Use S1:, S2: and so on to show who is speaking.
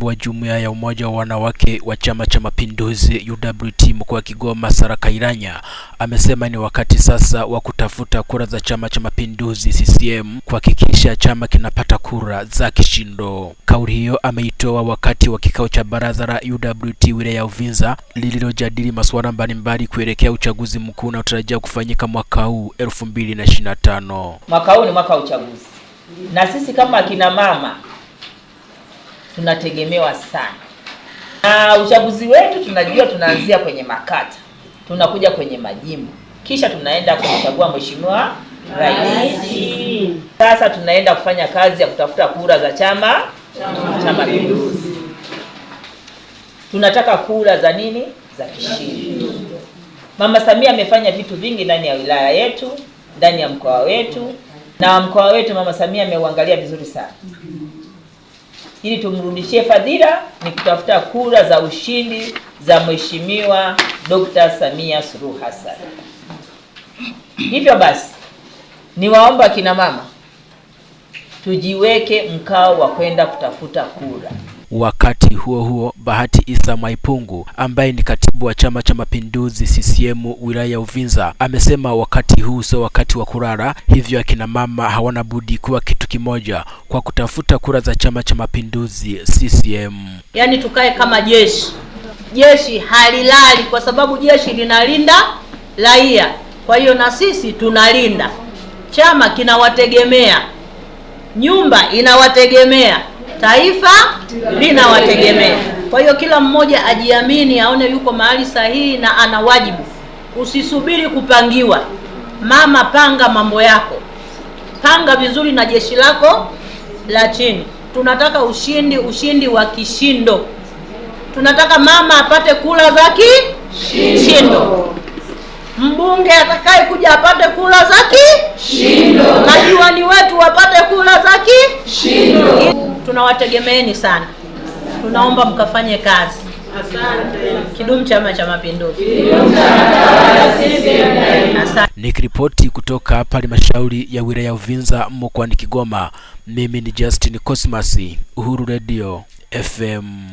S1: mratibu wa jumuiya ya umoja wa wanawake wa Chama cha Mapinduzi UWT mkoa wa Kigoma, Sara Kairanya amesema ni wakati sasa wa kutafuta kura za Chama cha Mapinduzi CCM kuhakikisha chama kinapata kura za kishindo. Kauli hiyo ameitoa wakati wa kikao cha baraza la UWT wilaya ya Uvinza lililojadili masuala mbalimbali kuelekea uchaguzi mkuu unaotarajiwa kufanyika mwaka huu 2025.
S2: Mwaka huu ni mwaka wa uchaguzi na sisi kama akina mama tunategemewa sana, na uchaguzi wetu tunajua tunaanzia kwenye makata, tunakuja kwenye majimbo, kisha tunaenda kumchagua mheshimiwa
S3: rais.
S2: Sasa tunaenda kufanya kazi ya kutafuta kura za Chama
S3: cha Mapinduzi.
S2: Tunataka kura za nini?
S3: Za kishindo.
S2: Mama Samia amefanya vitu vingi ndani ya wilaya yetu, ndani ya mkoa wetu, na mkoa wetu Mama Samia ameuangalia vizuri sana ili tumrudishie fadhila ni kutafuta kura za ushindi za Mheshimiwa Dr. Samia Suluhu Hassan. Hivyo basi niwaomba kina mama tujiweke mkao wa kwenda kutafuta kura.
S1: Wakati huo huo, Bahati isa Mwaipungu ambaye ni katibu wa Chama cha Mapinduzi CCM wilaya ya Uvinza amesema wakati huu sio wakati wa kurara, hivyo akina mama hawana budi kuwa kitu kimoja kwa kutafuta kura za Chama cha Mapinduzi CCM.
S2: Yaani tukae kama jeshi, jeshi halilali kwa sababu jeshi linalinda raia, kwa hiyo na sisi tunalinda. Chama kinawategemea, nyumba inawategemea taifa linawategemea. Kwa hiyo kila mmoja ajiamini, aone yuko mahali sahihi na ana wajibu. Usisubiri kupangiwa. Mama, panga mambo yako, panga vizuri na jeshi lako la chini. Tunataka ushindi, ushindi wa kishindo. Tunataka mama apate kula za
S3: kishindo,
S2: mbunge atakaye kuja apate kula za ki tunawategemeeni sana, tunaomba mkafanye kazi. Asante. Kidumu Chama cha Mapinduzi!
S1: Nikiripoti kutoka hapa halmashauri ya wilaya ya Uvinza mkoani Kigoma, mimi ni Justin Cosmas, Uhuru Radio FM.